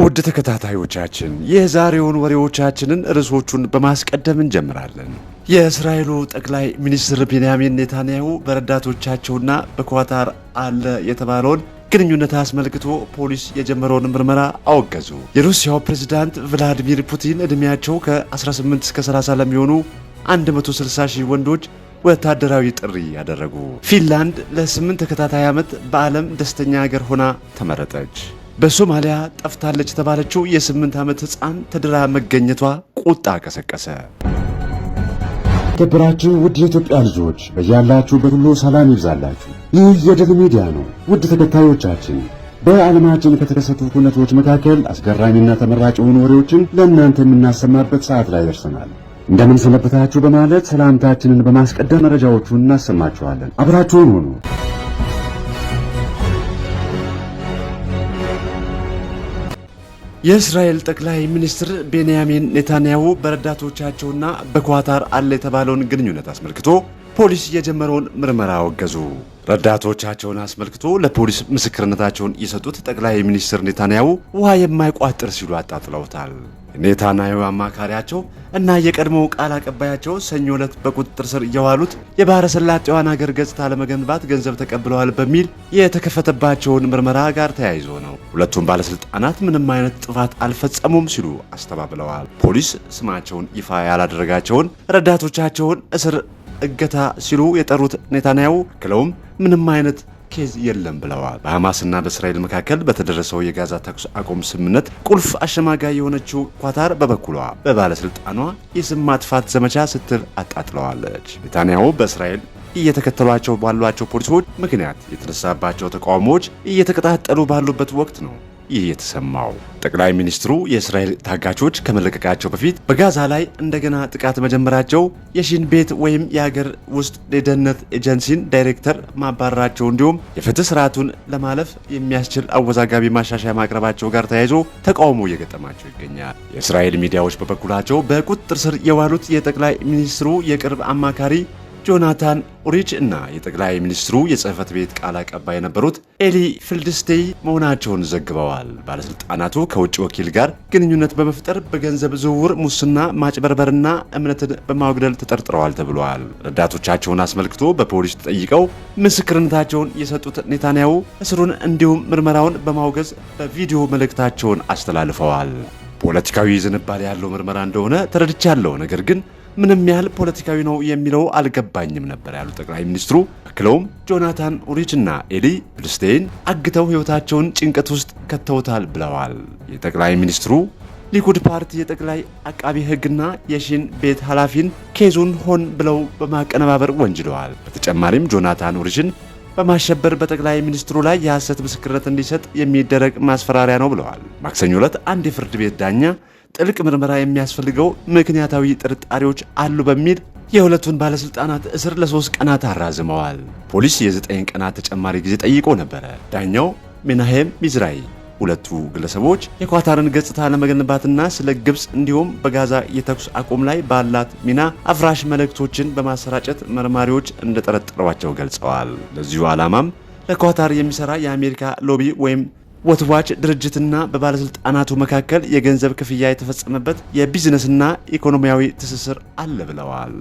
ውድ ተከታታዮቻችን የዛሬውን ወሬዎቻችንን ርዕሶቹን በማስቀደም እንጀምራለን። የእስራኤሉ ጠቅላይ ሚኒስትር ቤንያሚን ኔታንያሁ በረዳቶቻቸውና በኳታር አለ የተባለውን ግንኙነት አስመልክቶ ፖሊስ የጀመረውን ምርመራ አወገዙ። የሩሲያው ፕሬዝዳንት ቭላዲሚር ፑቲን ዕድሜያቸው ከ18 እስከ 30 ለሚሆኑ 160 ሺህ ወንዶች ወታደራዊ ጥሪ ያደረጉ። ፊንላንድ ለስምንት ተከታታይ ዓመት በዓለም ደስተኛ ሀገር ሆና ተመረጠች። በሶማሊያ ጠፍታለች የተባለችው የስምንት ዓመት ህፃን ተድራ መገኘቷ ቁጣ ቀሰቀሰ። ተከበራችሁ ውድ የኢትዮጵያ ልጆች በያላችሁበት ሁሉ ሰላም ይብዛላችሁ። ይህ የድል ሚዲያ ነው። ውድ ተከታዮቻችን በዓለማችን ከተከሰቱ ሁነቶች መካከል አስገራሚና ተመራጭ የሆኑ ወሬዎችን ለእናንተ የምናሰማበት ሰዓት ላይ ደርሰናል። እንደምን በማለት ሰላምታችንን በማስቀደም መረጃዎቹን እናሰማችኋለን። አብራችሁን ሆኑ። የእስራኤል ጠቅላይ ሚኒስትር ቤንያሚን ኔታንያሁ በረዳቶቻቸውና በኳታር አለ የተባለውን ግንኙነት አስመልክቶ ፖሊስ የጀመረውን ምርመራ አወገዙ። ረዳቶቻቸውን አስመልክቶ ለፖሊስ ምስክርነታቸውን የሰጡት ጠቅላይ ሚኒስትር ኔታንያሁ ውሃ የማይቋጥር ሲሉ አጣጥለውታል። ኔታንያሁ አማካሪያቸው እና የቀድሞው ቃል አቀባያቸው ሰኞ ዕለት በቁጥጥር ስር እየዋሉት የባሕረ ሰላጤዋን አገር ገጽታ ለመገንባት ገንዘብ ተቀብለዋል በሚል የተከፈተባቸውን ምርመራ ጋር ተያይዞ ነው። ሁለቱም ባለሥልጣናት ምንም አይነት ጥፋት አልፈጸሙም ሲሉ አስተባብለዋል። ፖሊስ ስማቸውን ይፋ ያላደረጋቸውን ረዳቶቻቸውን እስር እገታ ሲሉ የጠሩት ኔታንያሁ ክለውም ምንም አይነት ኬዝ የለም ብለዋል። በሐማስና በእስራኤል መካከል በተደረሰው የጋዛ ተኩስ አቁም ስምምነት ቁልፍ አሸማጋይ የሆነችው ኳታር በበኩሏ በባለስልጣኗ የስም ማጥፋት ዘመቻ ስትል አጣጥለዋለች። ኔታንያሁ በእስራኤል እየተከተሏቸው ባሏቸው ፖሊሶች ምክንያት የተነሳባቸው ተቃውሞዎች እየተቀጣጠሉ ባሉበት ወቅት ነው ይህ የተሰማው ጠቅላይ ሚኒስትሩ የእስራኤል ታጋቾች ከመለቀቃቸው በፊት በጋዛ ላይ እንደገና ጥቃት መጀመራቸው የሺን ቤት ወይም የሀገር ውስጥ የደህንነት ኤጀንሲን ዳይሬክተር ማባረራቸው እንዲሁም የፍትህ ስርዓቱን ለማለፍ የሚያስችል አወዛጋቢ ማሻሻያ ማቅረባቸው ጋር ተያይዞ ተቃውሞ እየገጠማቸው ይገኛል። የእስራኤል ሚዲያዎች በበኩላቸው በቁጥጥር ስር የዋሉት የጠቅላይ ሚኒስትሩ የቅርብ አማካሪ ጆናታን ኡሪች እና የጠቅላይ ሚኒስትሩ የጽህፈት ቤት ቃል አቀባይ የነበሩት ኤሊ ፍልድስቴይ መሆናቸውን ዘግበዋል። ባለስልጣናቱ ከውጭ ወኪል ጋር ግንኙነት በመፍጠር በገንዘብ ዝውውር፣ ሙስና፣ ማጭበርበርና እምነትን በማወግደል ተጠርጥረዋል ተብሏል። ረዳቶቻቸውን አስመልክቶ በፖሊስ ተጠይቀው ምስክርነታቸውን የሰጡት ኔታንያሁ እስሩን እንዲሁም ምርመራውን በማውገዝ በቪዲዮ መልእክታቸውን አስተላልፈዋል። ፖለቲካዊ ዝንባሌ ያለው ምርመራ እንደሆነ ተረድቻለሁ፣ ነገር ግን ምንም ያህል ፖለቲካዊ ነው የሚለው አልገባኝም ነበር ያሉ ጠቅላይ ሚኒስትሩ አክለውም ጆናታን ኡሪች እና ኤሊ ብልስቴን አግተው ሕይወታቸውን ጭንቀት ውስጥ ከተውታል ብለዋል። የጠቅላይ ሚኒስትሩ ሊኩድ ፓርቲ የጠቅላይ አቃቢ ሕግና የሺን ቤት ኃላፊን ኬዙን ሆን ብለው በማቀነባበር ወንጅለዋል። በተጨማሪም ጆናታን ኡሪችን በማሸበር በጠቅላይ ሚኒስትሩ ላይ የሐሰት ምስክርነት እንዲሰጥ የሚደረግ ማስፈራሪያ ነው ብለዋል። ማክሰኞ ዕለት አንድ የፍርድ ቤት ዳኛ ጥልቅ ምርመራ የሚያስፈልገው ምክንያታዊ ጥርጣሬዎች አሉ በሚል የሁለቱን ባለስልጣናት እስር ለሶስት ቀናት አራዝመዋል። ፖሊስ የዘጠኝ ቀናት ተጨማሪ ጊዜ ጠይቆ ነበረ። ዳኛው ሜናሄም ሚዝራይ ሁለቱ ግለሰቦች የኳታርን ገጽታ ለመገንባትና ስለ ግብፅ እንዲሁም በጋዛ የተኩስ አቁም ላይ ባላት ሚና አፍራሽ መልእክቶችን በማሰራጨት መርማሪዎች እንደጠረጠሯቸው ገልጸዋል። ለዚሁ ዓላማም ለኳታር የሚሰራ የአሜሪካ ሎቢ ወይም ወትዋች ድርጅትና በባለስልጣናቱ መካከል የገንዘብ ክፍያ የተፈጸመበት የቢዝነስና ኢኮኖሚያዊ ትስስር አለ ብለዋል።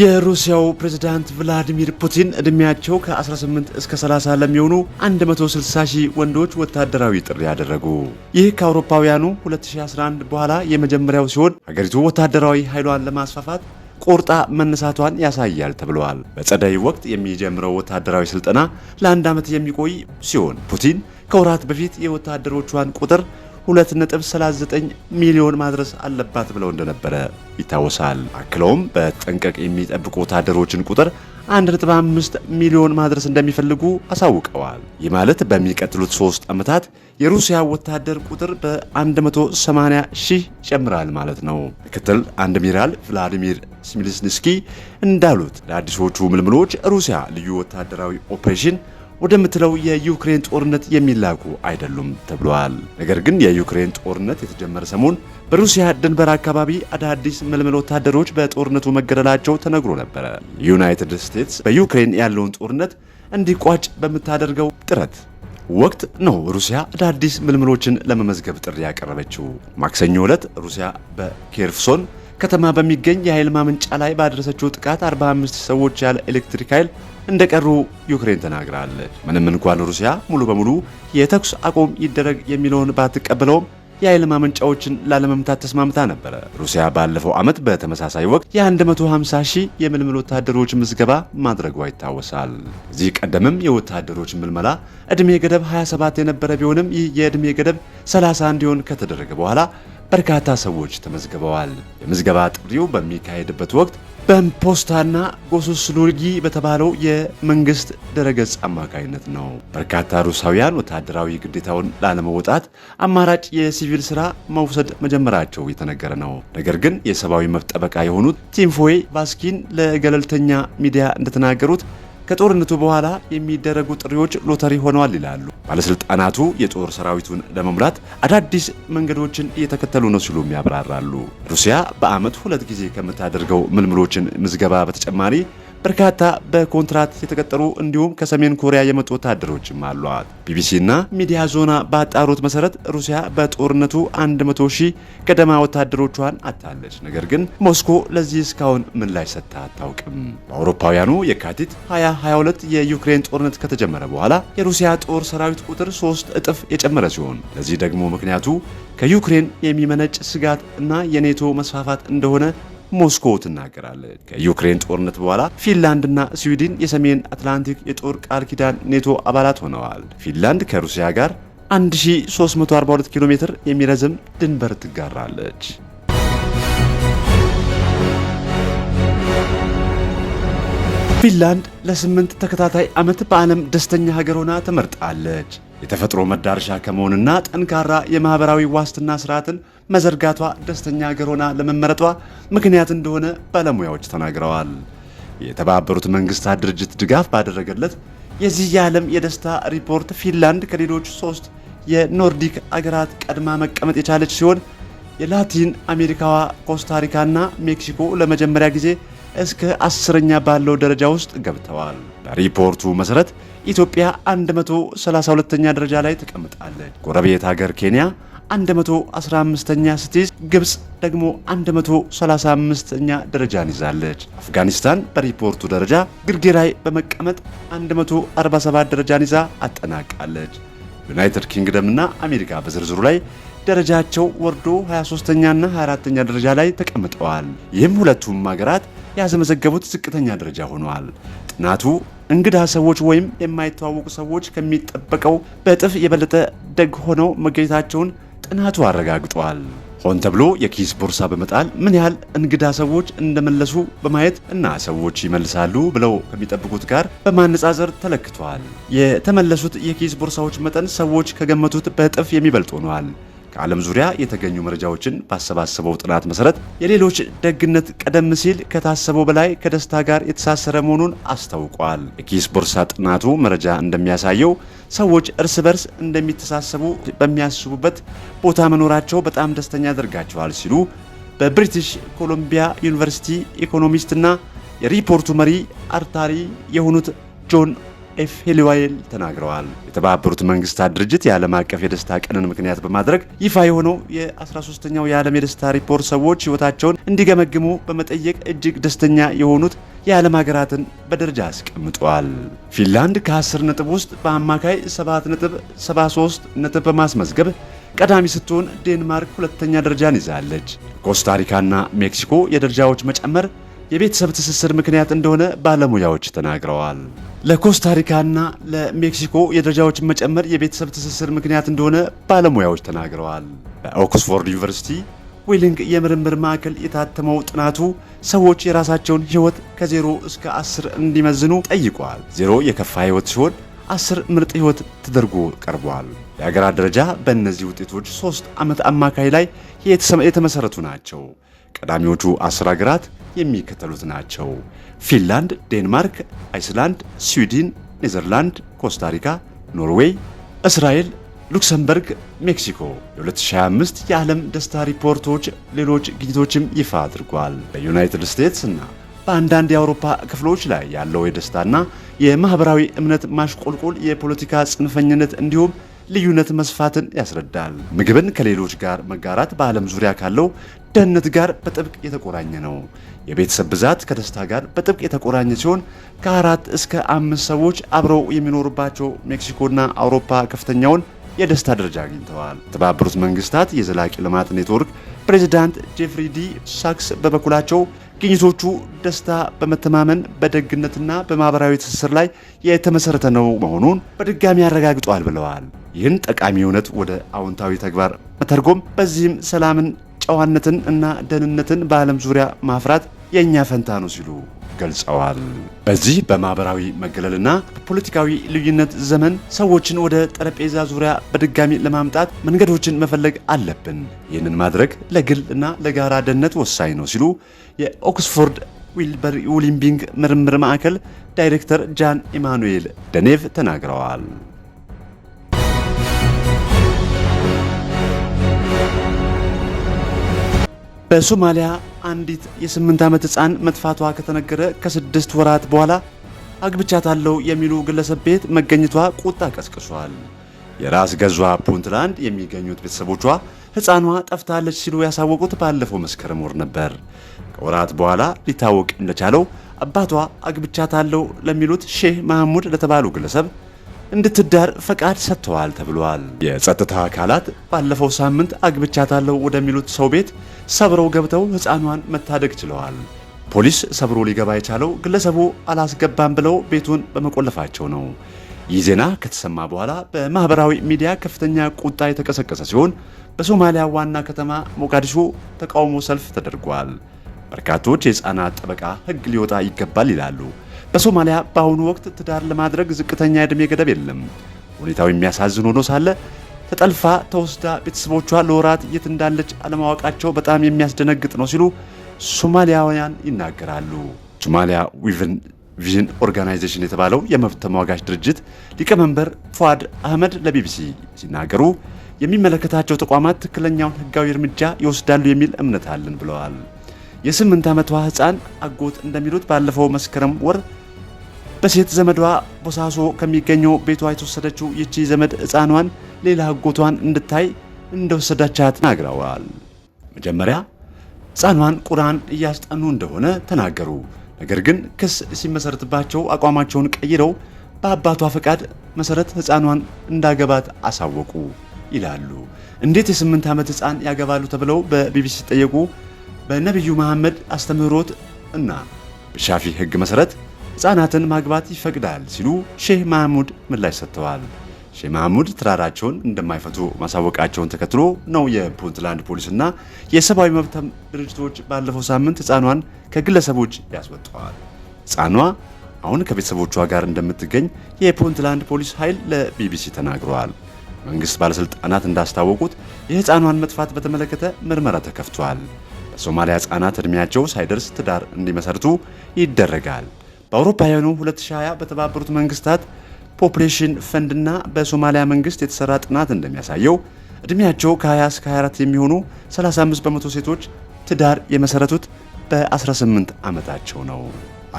የሩሲያው ፕሬዝዳንት ቭላዲሚር ፑቲን ዕድሜያቸው ከ18 እስከ 30 ለሚሆኑ 160 ሺህ ወንዶች ወታደራዊ ጥሪ ያደረጉ። ይህ ከአውሮፓውያኑ 2011 በኋላ የመጀመሪያው ሲሆን ሀገሪቱ ወታደራዊ ኃይሏን ለማስፋፋት ቆርጣ መነሳቷን ያሳያል ተብለዋል። በጸደይ ወቅት የሚጀምረው ወታደራዊ ስልጠና ለአንድ ዓመት የሚቆይ ሲሆን ፑቲን ከወራት በፊት የወታደሮቿን ቁጥር 2.39 ሚሊዮን ማድረስ አለባት ብለው እንደነበረ ይታወሳል። አክለውም በጠንቀቅ የሚጠብቁ ወታደሮችን ቁጥር 1.5 ሚሊዮን ማድረስ እንደሚፈልጉ አሳውቀዋል። ይህ ማለት በሚቀጥሉት ሶስት ዓመታት የሩሲያ ወታደር ቁጥር በ180 ሺህ ይጨምራል ማለት ነው። ምክትል አድሚራል ቭላዲሚር ስሚልስኒስኪ እንዳሉት ለአዲሶቹ ምልምሎች ሩሲያ ልዩ ወታደራዊ ኦፕሬሽን ወደምትለው የዩክሬን ጦርነት የሚላኩ አይደሉም ተብሏል። ነገር ግን የዩክሬን ጦርነት የተጀመረ ሰሞን በሩሲያ ድንበር አካባቢ አዳዲስ ምልምል ወታደሮች በጦርነቱ መገደላቸው ተነግሮ ነበረ። ዩናይትድ ስቴትስ በዩክሬን ያለውን ጦርነት እንዲቋጭ በምታደርገው ጥረት ወቅት ነው ሩሲያ አዳዲስ ምልምሎችን ለመመዝገብ ጥሪ ያቀረበችው። ማክሰኞ ዕለት ሩሲያ በኬርፍሶን ከተማ በሚገኝ የኃይል ማመንጫ ላይ ባደረሰችው ጥቃት 45 ሰዎች ያለ ኤሌክትሪክ ኃይል እንደቀሩ ዩክሬን ተናግራለች። ምንም እንኳን ሩሲያ ሙሉ በሙሉ የተኩስ አቁም ይደረግ የሚለውን ባትቀበለውም የኃይል ማመንጫዎችን ላለመምታት ተስማምታ ነበረ። ሩሲያ ባለፈው ዓመት በተመሳሳይ ወቅት የ150 ሺህ የምልምል ወታደሮች ምዝገባ ማድረጓ ይታወሳል። እዚህ ቀደምም የወታደሮች ምልመላ ዕድሜ ገደብ 27 የነበረ ቢሆንም ይህ የዕድሜ ገደብ 30 እንዲሆን ከተደረገ በኋላ በርካታ ሰዎች ተመዝግበዋል። የምዝገባ ጥሪው በሚካሄድበት ወቅት በፖስታና ጎሶስሉጊ በተባለው የመንግስት ድረገጽ አማካኝነት ነው። በርካታ ሩሳውያን ወታደራዊ ግዴታውን ላለመውጣት አማራጭ የሲቪል ስራ መውሰድ መጀመራቸው የተነገረ ነው። ነገር ግን የሰብአዊ መብት ጠበቃ የሆኑት ቲምፎይ ቫስኪን ለገለልተኛ ሚዲያ እንደተናገሩት ከጦርነቱ በኋላ የሚደረጉ ጥሪዎች ሎተሪ ሆነዋል ይላሉ። ባለስልጣናቱ የጦር ሰራዊቱን ለመምራት አዳዲስ መንገዶችን እየተከተሉ ነው ሲሉም ያብራራሉ። ሩሲያ በዓመት ሁለት ጊዜ ከምታደርገው ምልምሎችን ምዝገባ በተጨማሪ በርካታ በኮንትራት የተቀጠሩ እንዲሁም ከሰሜን ኮሪያ የመጡ ወታደሮችም አሏት። ቢቢሲና ሚዲያ ዞና ባጣሩት መሰረት ሩሲያ በጦርነቱ 100 ሺህ ገደማ ወታደሮቿን አታለች። ነገር ግን ሞስኮ ለዚህ እስካሁን ምላሽ ሰጥታ አታውቅም። በአውሮፓውያኑ የካቲት 2022 የዩክሬን ጦርነት ከተጀመረ በኋላ የሩሲያ ጦር ሰራዊት ቁጥር 3 እጥፍ የጨመረ ሲሆን ለዚህ ደግሞ ምክንያቱ ከዩክሬን የሚመነጭ ስጋት እና የኔቶ መስፋፋት እንደሆነ ሞስኮ ትናገራለች። ከዩክሬን ጦርነት በኋላ ፊንላንድና ስዊድን የሰሜን አትላንቲክ የጦር ቃል ኪዳን ኔቶ አባላት ሆነዋል። ፊንላንድ ከሩሲያ ጋር 1342 ኪሎ ሜትር የሚረዝም ድንበር ትጋራለች። ፊንላንድ ለስምንት ተከታታይ ዓመት በዓለም ደስተኛ ሀገር ሆና ተመርጣለች። የተፈጥሮ መዳረሻ ከመሆንና ጠንካራ የማህበራዊ ዋስትና ስርዓትን መዘርጋቷ ደስተኛ ሀገር ሆና ለመመረጧ ምክንያት እንደሆነ ባለሙያዎች ተናግረዋል። የተባበሩት መንግስታት ድርጅት ድጋፍ ባደረገለት የዚህ የዓለም የደስታ ሪፖርት ፊንላንድ ከሌሎች ሶስት የኖርዲክ አገራት ቀድማ መቀመጥ የቻለች ሲሆን የላቲን አሜሪካዋ ኮስታሪካና ሜክሲኮ ለመጀመሪያ ጊዜ እስከ አስረኛ ባለው ደረጃ ውስጥ ገብተዋል። በሪፖርቱ መሰረት ኢትዮጵያ 132ኛ ደረጃ ላይ ተቀምጣለች። ጎረቤት ሀገር ኬንያ 115ኛ ስትይዝ ግብፅ ደግሞ 135ኛ ደረጃን ይዛለች። አፍጋኒስታን በሪፖርቱ ደረጃ ግርጌ ላይ በመቀመጥ 147 ደረጃን ይዛ አጠናቃለች። ዩናይትድ ኪንግደም እና አሜሪካ በዝርዝሩ ላይ ደረጃቸው ወርዶ 23ኛና 24ኛ ደረጃ ላይ ተቀምጠዋል። ይህም ሁለቱም ሀገራት ያስመዘገቡት ዝቅተኛ ደረጃ ሆኗል። ጥናቱ እንግዳ ሰዎች ወይም የማይተዋወቁ ሰዎች ከሚጠበቀው በእጥፍ የበለጠ ደግ ሆነው መገኘታቸውን ጥናቱ አረጋግጧል። ሆን ተብሎ የኪስ ቦርሳ በመጣል ምን ያህል እንግዳ ሰዎች እንደመለሱ በማየት እና ሰዎች ይመልሳሉ ብለው ከሚጠብቁት ጋር በማነጻጸር ተለክቷል። የተመለሱት የኪስ ቦርሳዎች መጠን ሰዎች ከገመቱት በእጥፍ የሚበልጥ ሆኗል። ከዓለም ዙሪያ የተገኙ መረጃዎችን ባሰባሰበው ጥናት መሰረት የሌሎች ደግነት ቀደም ሲል ከታሰበው በላይ ከደስታ ጋር የተሳሰረ መሆኑን አስታውቋል። የኪስ ቦርሳ ጥናቱ መረጃ እንደሚያሳየው ሰዎች እርስ በርስ እንደሚተሳሰቡ በሚያስቡበት ቦታ መኖራቸው በጣም ደስተኛ ያደርጋቸዋል ሲሉ በብሪቲሽ ኮሎምቢያ ዩኒቨርሲቲ ኢኮኖሚስትና የሪፖርቱ መሪ አርታሪ የሆኑት ጆን ኤፍ ሄሊዋይል ተናግረዋል። የተባበሩት መንግስታት ድርጅት የዓለም አቀፍ የደስታ ቀንን ምክንያት በማድረግ ይፋ የሆነው የ13ኛው የዓለም የደስታ ሪፖርት ሰዎች ህይወታቸውን እንዲገመግሙ በመጠየቅ እጅግ ደስተኛ የሆኑት የዓለም ሀገራትን በደረጃ አስቀምጧል። ፊንላንድ ከ10 ነጥብ ውስጥ በአማካይ 7 73 ነጥብ በማስመዝገብ ቀዳሚ ስትሆን ዴንማርክ ሁለተኛ ደረጃን ይዛለች። ኮስታሪካና ሜክሲኮ የደረጃዎች መጨመር የቤተሰብ ትስስር ምክንያት እንደሆነ ባለሙያዎች ተናግረዋል። ለኮስታሪካና ለሜክሲኮ የደረጃዎች መጨመር የቤተሰብ ትስስር ምክንያት እንደሆነ ባለሙያዎች ተናግረዋል። በኦክስፎርድ ዩኒቨርሲቲ ዌሊንግ የምርምር ማዕከል የታተመው ጥናቱ ሰዎች የራሳቸውን ሕይወት ከዜሮ እስከ አስር እንዲመዝኑ ጠይቋል። ዜሮ የከፋ ሕይወት ሲሆን አስር ምርጥ ህይወት ተደርጎ ቀርቧል። የአገራት ደረጃ በእነዚህ ውጤቶች ሶስት ዓመት አማካይ ላይ የተመሠረቱ ናቸው። ቀዳሚዎቹ አስር አገራት የሚከተሉት ናቸው። ፊንላንድ፣ ዴንማርክ፣ አይስላንድ፣ ስዊድን፣ ኔዘርላንድ፣ ኮስታሪካ፣ ኖርዌይ፣ እስራኤል፣ ሉክሰምበርግ፣ ሜክሲኮ። የ2025 የዓለም ደስታ ሪፖርቶች ሌሎች ግኝቶችም ይፋ አድርጓል። በዩናይትድ ስቴትስ እና በአንዳንድ የአውሮፓ ክፍሎች ላይ ያለው የደስታና የማኅበራዊ እምነት ማሽቆልቆል፣ የፖለቲካ ጽንፈኝነት እንዲሁም ልዩነት መስፋትን ያስረዳል። ምግብን ከሌሎች ጋር መጋራት በዓለም ዙሪያ ካለው ደህንነት ጋር በጥብቅ የተቆራኘ ነው። የቤተሰብ ብዛት ከደስታ ጋር በጥብቅ የተቆራኘ ሲሆን ከአራት እስከ አምስት ሰዎች አብረው የሚኖሩባቸው ሜክሲኮና አውሮፓ ከፍተኛውን የደስታ ደረጃ አግኝተዋል። የተባበሩት መንግስታት የዘላቂ ልማት ኔትወርክ ፕሬዚዳንት ጄፍሪ ዲ ሳክስ በበኩላቸው ግኝቶቹ ደስታ በመተማመን በደግነትና በማህበራዊ ትስስር ላይ የተመሰረተ ነው መሆኑን በድጋሚ ያረጋግጧል ብለዋል። ይህን ጠቃሚ እውነት ወደ አዎንታዊ ተግባር መተርጎም፣ በዚህም ሰላምን፣ ጨዋነትን እና ደህንነትን በዓለም ዙሪያ ማፍራት የእኛ ፈንታ ነው ሲሉ ገልጸዋል። በዚህ በማህበራዊ መገለልና ፖለቲካዊ ልዩነት ዘመን ሰዎችን ወደ ጠረጴዛ ዙሪያ በድጋሚ ለማምጣት መንገዶችን መፈለግ አለብን። ይህንን ማድረግ ለግል እና ለጋራ ደህንነት ወሳኝ ነው ሲሉ የኦክስፎርድ ዊልበር ውሊምቢንግ ምርምር ማዕከል ዳይሬክተር ጃን ኢማኑኤል ደኔቭ ተናግረዋል። በሶማሊያ አንዲት የስምንት ዓመት ሕፃን መጥፋቷ ከተነገረ ከስድስት ወራት በኋላ አግብቻታለሁ የሚሉ ግለሰብ ቤት መገኘቷ ቁጣ ቀስቅሷል። የራስ ገዟ ፑንትላንድ የሚገኙት ቤተሰቦቿ ሕፃኗ ጠፍታለች ሲሉ ያሳወቁት ባለፈው መስከረም ወር ነበር። ከወራት በኋላ ሊታወቅ እንደቻለው አባቷ አግብቻታለሁ ለሚሉት ሼህ መሐሙድ ለተባሉ ግለሰብ እንድትዳር ፈቃድ ሰጥተዋል ተብሏል። የጸጥታ አካላት ባለፈው ሳምንት አግብቻታለሁ ወደሚሉት ሰው ቤት ሰብረው ገብተው ሕፃኗን መታደግ ችለዋል። ፖሊስ ሰብሮ ሊገባ የቻለው ግለሰቡ አላስገባም ብለው ቤቱን በመቆለፋቸው ነው። ይህ ዜና ከተሰማ በኋላ በማህበራዊ ሚዲያ ከፍተኛ ቁጣ የተቀሰቀሰ ሲሆን በሶማሊያ ዋና ከተማ ሞቃዲሾ ተቃውሞ ሰልፍ ተደርጓል። በርካቶች የሕፃናት ጠበቃ ሕግ ሊወጣ ይገባል ይላሉ። በሶማሊያ በአሁኑ ወቅት ትዳር ለማድረግ ዝቅተኛ እድሜ ገደብ የለም። ሁኔታው የሚያሳዝን ሆኖ ሳለ ተጠልፋ ተወስዳ ቤተሰቦቿ ለወራት የት እንዳለች አለማወቃቸው በጣም የሚያስደነግጥ ነው ሲሉ ሶማሊያውያን ይናገራሉ። ሶማሊያ ዊቭን ቪዥን ኦርጋናይዜሽን የተባለው የመብት ተሟጋች ድርጅት ሊቀመንበር ፏድ አህመድ ለቢቢሲ ሲናገሩ የሚመለከታቸው ተቋማት ትክክለኛውን ሕጋዊ እርምጃ ይወስዳሉ የሚል እምነት አለን ብለዋል። የስምንት ዓመቷ ሕፃን አጎት እንደሚሉት ባለፈው መስከረም ወር በሴት ዘመዷ ቦሳሶ ከሚገኘው ቤቷ የተወሰደችው ይቺ ዘመድ ሕፃኗን ሌላ ህጎቷን እንድታይ እንደወሰዳቻት ተናግረዋል። መጀመሪያ ሕፃኗን ቁርአን እያስጠኑ እንደሆነ ተናገሩ። ነገር ግን ክስ ሲመሰረትባቸው አቋማቸውን ቀይረው በአባቷ ፈቃድ መሰረት ሕፃኗን እንዳገባት አሳወቁ ይላሉ። እንዴት የስምንት ዓመት ሕፃን ያገባሉ ተብለው በቢቢሲ ሲጠየቁ በነቢዩ መሐመድ አስተምህሮት እና በሻፊ ህግ መሰረት ሕፃናትን ማግባት ይፈቅዳል ሲሉ ሼህ ማህሙድ ምላሽ ሰጥተዋል። ሼህ ማህሙድ ትራራቸውን እንደማይፈቱ ማሳወቃቸውን ተከትሎ ነው የፑንትላንድ ፖሊስና የሰብአዊ መብት ድርጅቶች ባለፈው ሳምንት ሕፃኗን ከግለሰቦች ያስወጠዋል። ሕፃኗ አሁን ከቤተሰቦቿ ጋር እንደምትገኝ የፑንትላንድ ፖሊስ ኃይል ለቢቢሲ ተናግረዋል። መንግስት ባለሥልጣናት እንዳስታወቁት የሕፃኗን መጥፋት በተመለከተ ምርመራ ተከፍቷል። በሶማሊያ ሕፃናት ዕድሜያቸው ሳይደርስ ትዳር እንዲመሰርቱ ይደረጋል። በአውሮፓውያኑ 2020 በተባበሩት መንግስታት ፖፕሌሽን ፈንድና በሶማሊያ መንግስት የተሰራ ጥናት እንደሚያሳየው እድሜያቸው ከ20 እስከ 24 የሚሆኑ 35 በመቶ ሴቶች ትዳር የመሰረቱት በ18 ዓመታቸው ነው።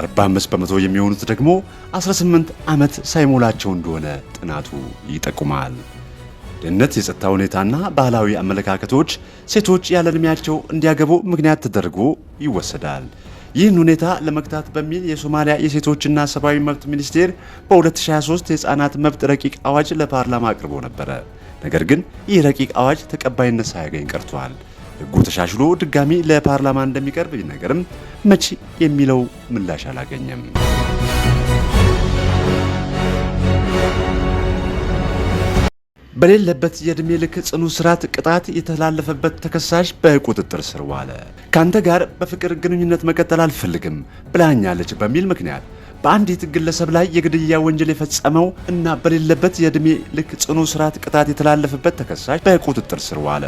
45 በመቶ የሚሆኑት ደግሞ 18 ዓመት ሳይሞላቸው እንደሆነ ጥናቱ ይጠቁማል። ድህነት፣ የጸጥታ ሁኔታና ባህላዊ አመለካከቶች ሴቶች ያለ ዕድሜያቸው እንዲያገቡ ምክንያት ተደርጎ ይወሰዳል። ይህን ሁኔታ ለመግታት በሚል የሶማሊያ የሴቶችና ሰብአዊ መብት ሚኒስቴር በ2023 የህፃናት መብት ረቂቅ አዋጅ ለፓርላማ አቅርቦ ነበረ። ነገር ግን ይህ ረቂቅ አዋጅ ተቀባይነት ሳያገኝ ቀርቷል። ህጉ ተሻሽሎ ድጋሚ ለፓርላማ እንደሚቀርብ ቢነገርም መቼ የሚለው ምላሽ አላገኘም። በሌለበት የእድሜ ልክ ጽኑ እስራት ቅጣት የተላለፈበት ተከሳሽ በቁጥጥር ስር ዋለ። ከአንተ ጋር በፍቅር ግንኙነት መቀጠል አልፈልግም ብላኛለች በሚል ምክንያት በአንዲት ግለሰብ ላይ የግድያ ወንጀል የፈጸመው እና በሌለበት የዕድሜ ልክ ጽኑ እስራት ቅጣት የተላለፈበት ተከሳሽ በቁጥጥር ስር ዋለ።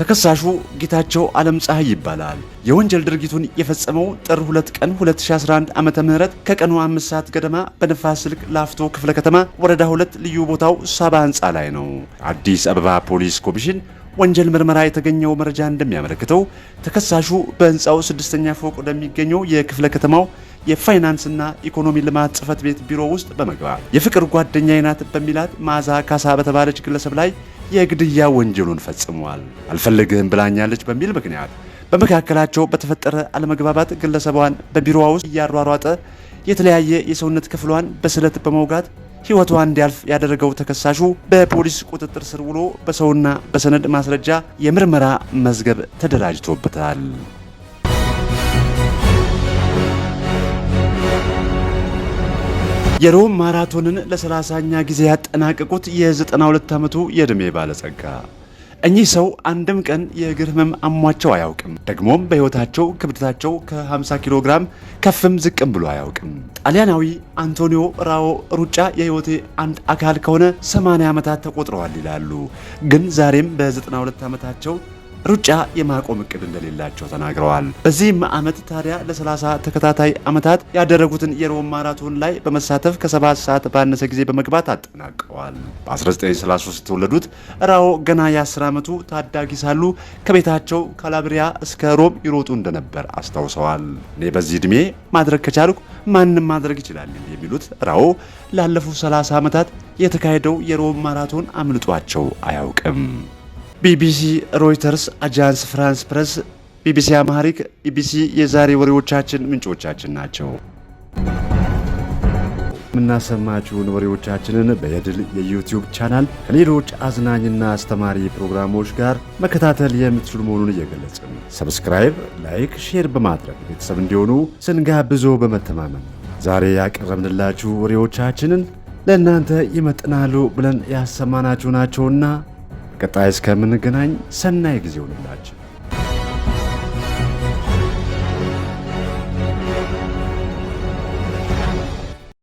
ተከሳሹ ጌታቸው ዓለም ፀሐይ ይባላል። የወንጀል ድርጊቱን የፈጸመው ጥር 2 ቀን 2011 ዓ ም ከቀኑ አምስት ሰዓት ገደማ በነፋስ ስልክ ላፍቶ ክፍለ ከተማ ወረዳ 2 ልዩ ቦታው ሳባ ህንፃ ላይ ነው። አዲስ አበባ ፖሊስ ኮሚሽን ወንጀል ምርመራ የተገኘው መረጃ እንደሚያመለክተው ተከሳሹ በህንፃው ስድስተኛ ፎቅ ወደሚገኘው የክፍለ ከተማው የፋይናንስና ኢኮኖሚ ልማት ጽህፈት ቤት ቢሮ ውስጥ በመግባት የፍቅር ጓደኛዬ ናት በሚላት ማዛ ካሳ በተባለች ግለሰብ ላይ የግድያ ወንጀሉን ፈጽሟል። አልፈልግህም ብላኛለች በሚል ምክንያት በመካከላቸው በተፈጠረ አለመግባባት ግለሰቧን በቢሮዋ ውስጥ እያሯሯጠ የተለያየ የሰውነት ክፍሏን በስለት በመውጋት ሕይወቷ እንዲያልፍ ያደረገው ተከሳሹ በፖሊስ ቁጥጥር ስር ውሎ በሰውና በሰነድ ማስረጃ የምርመራ መዝገብ ተደራጅቶበታል። የሮም ማራቶንን ለሰላሳኛ ጊዜ ያጠናቀቁት የ92 ዓመቱ የዕድሜ ባለጸጋ እኚህ ሰው አንድም ቀን የእግር ህመም አሟቸው አያውቅም። ደግሞም በሕይወታቸው ክብደታቸው ከ50 ኪሎ ግራም ከፍም ዝቅም ብሎ አያውቅም። ጣሊያናዊ አንቶኒዮ ራኦ ሩጫ የሕይወቴ አንድ አካል ከሆነ 80 ዓመታት ተቆጥረዋል ይላሉ። ግን ዛሬም በ92 ዓመታቸው ሩጫ የማቆም እቅድ እንደሌላቸው ተናግረዋል። በዚህም ዓመት ታዲያ ለ30 ተከታታይ ዓመታት ያደረጉትን የሮም ማራቶን ላይ በመሳተፍ ከ7 ሰዓት ባነሰ ጊዜ በመግባት አጠናቀዋል። በ1933 የተወለዱት ራኦ ገና የ10 ዓመቱ ታዳጊ ሳሉ ከቤታቸው ካላብሪያ እስከ ሮም ይሮጡ እንደነበር አስታውሰዋል። እኔ በዚህ ዕድሜ ማድረግ ከቻልኩ ማንም ማድረግ ይችላል የሚሉት ራኦ ላለፉት 30 ዓመታት የተካሄደው የሮም ማራቶን አምልጧቸው አያውቅም። ቢቢሲ፣ ሮይተርስ፣ አጃንስ ፍራንስ ፕረስ፣ ቢቢሲ አማሪክ፣ ቢቢሲ የዛሬ ወሬዎቻችን ምንጮቻችን ናቸው። የምናሰማችሁን ወሬዎቻችንን በየድል የዩቲዩብ ቻናል ከሌሎች አዝናኝና አስተማሪ ፕሮግራሞች ጋር መከታተል የምትችሉ መሆኑን እየገለጽን ሰብስክራይብ፣ ላይክ፣ ሼር በማድረግ ቤተሰብ እንዲሆኑ ስንጋብዞ በመተማመን ዛሬ ያቀረብንላችሁ ወሬዎቻችንን ለእናንተ ይመጥናሉ ብለን ያሰማናችሁ ናቸውና ቀጣይ እስከምንገናኝ ሰናይ ጊዜ ይሁንላችሁ።